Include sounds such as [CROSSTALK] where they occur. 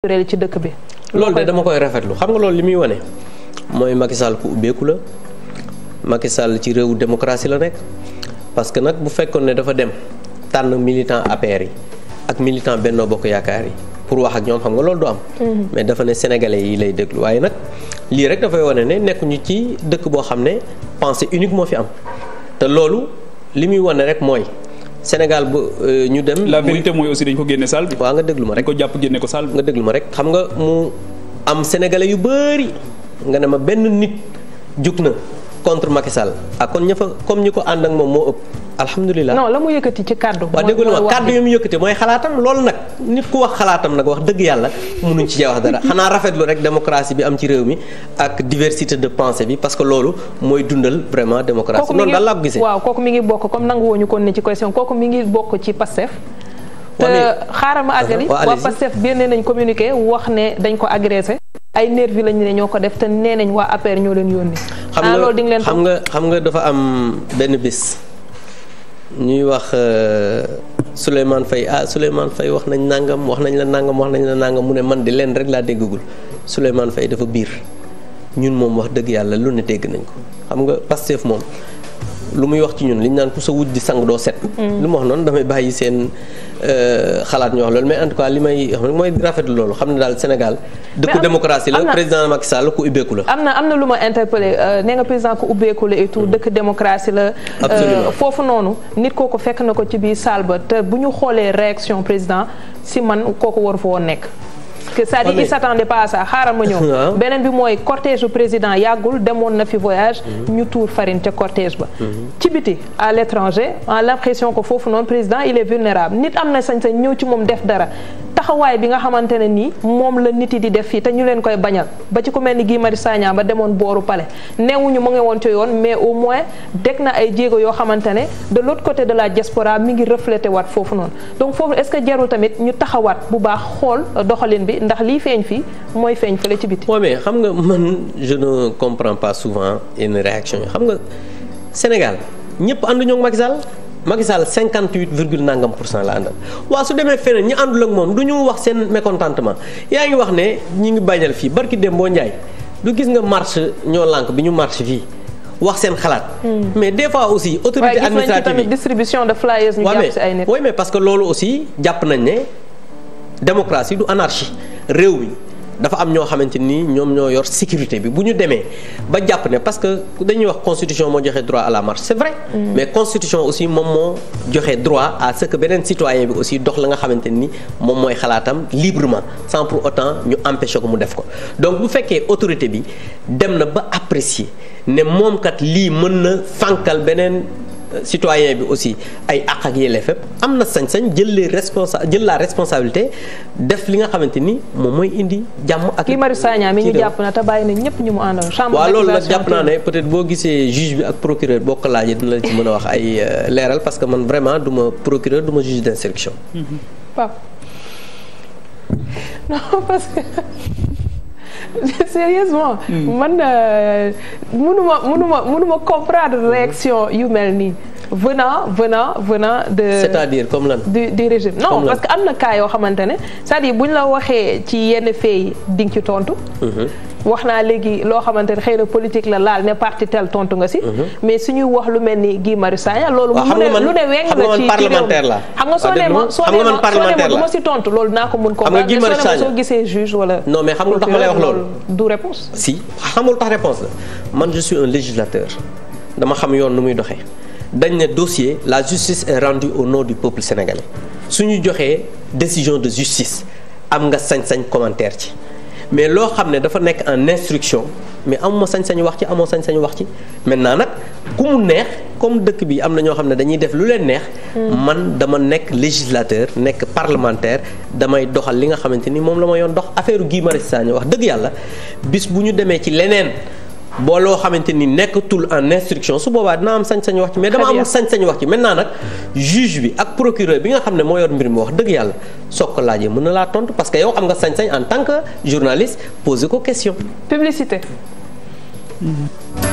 ci dëkk bi. loolu de dama koy rafetlu xam nga loolu li muy wane mooy Macky Sall ku ubbeeku la Macky Sall ci réewu démocratie la nekk parce que nag bu fekkoon ne dafa dem tànn militant APR yi ak militant Benno Bokk Yaakaar yi pour wax ak ñoom xam nga loolu doo am. Mhm. mais dafa ne sénégalais yi lay déglu waaye nag lii rek dafay wane ne nekkuñu ci dëkk boo xam ne pensée unique moo fi am te loolu li muy wane rek mooy. Sénégal bu euh, ñu dem. la vérité mooy aussi dañ ko génne salle bi. waa nga déglu ma rek dañ ko jàpp génne ko salle bi. nga déglu ma rek xam nga mu am sénégalais yu bëri nga ne ma benn nit jug na. contre Macky Sall ah kon ña fa comme ñi ko ànd ak moom moo ëpp alhamdulilah. non la mu yëkkati ci kàddu. mooy déggu ma kàddu yu mu yëkkati mooy xalaatam loolu nag nit ku wax xalaatam nag wax dëgg yàlla mënuñ ci wax dara xanaa rafetlu rek démocratie bi am ci réew mi ak diversité de pensée bi parce que loolu mooy dundal vraiment démocratie. kooku mi ngi bokk comme nangu kon ne ci question kooku mi ngi bokk ci Pastef. te xaaral ma uh-huh, àggali waa Pastef xam nga xam nga xam nga dafa am benn bis ñuy wax euh, Souleymane Faye ah Souleymane Faye wax nañ nangam wax nañ la nangam wax nañ la nangam mu ne man di leen rek laa déggagul Souleymane fay dafa biir ñun moom wax dëgg yàlla lu ne dégg nañ ko xam nga Pastef moom lu muy wax ci ñun liñ naan ku sa wujj di sang doo set. Mm. lu ma wax noonu damay bàyyi seen euh, xalaat ñu wax loolu mais en tout cas li may xam mooy rafetlu loolu xam ne daal Sénégal. dëkk démocratie la président Macky Sall ku ubbeeku am na am na lu ma interpellé euh, nee nga président ku ubbeeku la et tout mm-hmm. dëkk démocratie la. Euh, foofu noonu nit kooku fekk na ko ci biir saal ba te bu ñu xoolee réaction président si man kooku war fa woon nekk. que c'est-à-dire il xaaral ma ñëw ah. beneen bi mooy cortège président yàggul demoon na fi voyage mhm. ñu tuur farine ca cortège ba mhm. ci biti à l'étranger en l'impression que foofu noonu président il est vulnérable nit am na sañ-sañ ñëw ci moom def dara taxawaay bi nga xamante ne nii moom la nit yi di def fii te ñu leen koy bañal ba ci ku mel ni Guy Marius Sagna ba demoon booru pale neewuñu mu ngi woon ca yoon mais au moins deg na ay jéego yoo xamante ne de l'autre côté de la diaspora mi ngi reflété waat foofu noonu donc foofu est-ce que jarul tamit ñu taxawaat bu baax xool doxalin bi ndax lii feeñ fii mooy feeñ fële ci biti. mais xam nga man je ne comprends pas souvent une réaction yi xam nga Sénégal Macky Sall 58 virgule nangam pour cent la àndal waaw su demee feneen ñi àndul ak moom du ñu wax seen mécontentement yaa ngi wax ne ñi ngi bañal fii barki Dembo Ndiaye du gis nga marche ñoo lànk bi ñu marche fii wax seen xalaat. Hmm. mais des fois aussi. autorité administrative tamit distribution de flyers ñu jàpp si ay nit. oui mais que loolu aussi jàpp nañ ne démocratie du anarchie réew mi. dafa am ñoo xamante ni ñoom ñoo yor sécurité bi bu ñu demee ba jàpp ne parce que dañuy wax constitution moo joxe droit à la marche c'est vrai. Mm. mais constitution aussi moom moo joxe droit à ce beneen citoyen bi aussi dox la nga xamante ni moom mooy xalaatam librement sans pour autant ñu empêcher ko mu def ko donc bu fekkee autorité bi dem na ba apprécier ne moom kat lii mën na fànkal beneen. citoyen bi aussi ay àq ak yelleef fépp am na sañ-sañ jël les responsa jël la responsabilité def li nga xamante ni moom mooy indi jàmm ak. kii Mari Sagna mi ñu jàpp na te bàyyi nañ ñëpp ñu mu àndoon. chambre waaw loolu la jàpp naa ne peut-être boo gisee juge bi ak procureur boo ko laajee dina la ci mën a wax ay euh, leeral parce que man vraiment du ma procureur duma ma juge d'instruction. Pape [LAUGHS] sérieusement man euh, mënuma mënuma mënuma comprendre réaction yu mel nii venant venant venant de. c'est-à-dire comme lan. du du régime non parce que am na cas yoo xamante ne c'est-à-dire buñ la waxee ci yenn fee yi di nga ci tontu. Mhm. wax naa léegi loo xamante ne xëy na politique la laal ne parti tel tontu nga si. Mhm. mais suñuy wax lu mel ni Guy Marius Sagna loolu mu ne lu ne weng la ci parlementaire la xam nga soo ah, nee ma soo nee ma soo nee ma du si tontu loolu naa ko mun ko. xam nga Guy Marius Sagna soo gisee juge wala. no mais xam nga lu tax ma lay wax loolu. du réponse si xam nga lu tax réponse la man je suis un législateur dama xam yoon nu muy doxee. dañ ne dossier la justice est rendue au nom du peuple sénégalais su ñu joxee décision de justice am nga sañ-sañ commentaire ci. mais loo xam ne dafa nekk en instruction mais amuma sañ-sañu wax ci amoon sañ-sañu wax ci maintenant nag ku mu neex comme dëkk bi am na ñoo xam ne dañuy def lu leen neex. Mm. man dama nekk législateur nekk parlementaire damay doxal li nga xamante ni moom la ma yoon dox affaire Guy Marius Sagna wax dëgg yàlla bis bu ñu demee ci leneen. boo loo xamante ni nekkatul en instruction su boobaa dinaa am sañ-sañ wax ci mais dama am sañ-sañ wax ci maintenant nag juge bi ak procureur bi nga xam ne moo yor mbir mi wax dëgg yàlla soo ko laajee mën na laa tontu parce que yow am nga sañ-sañ en tant que journaliste poser ko question. publicité. Mm-hmm.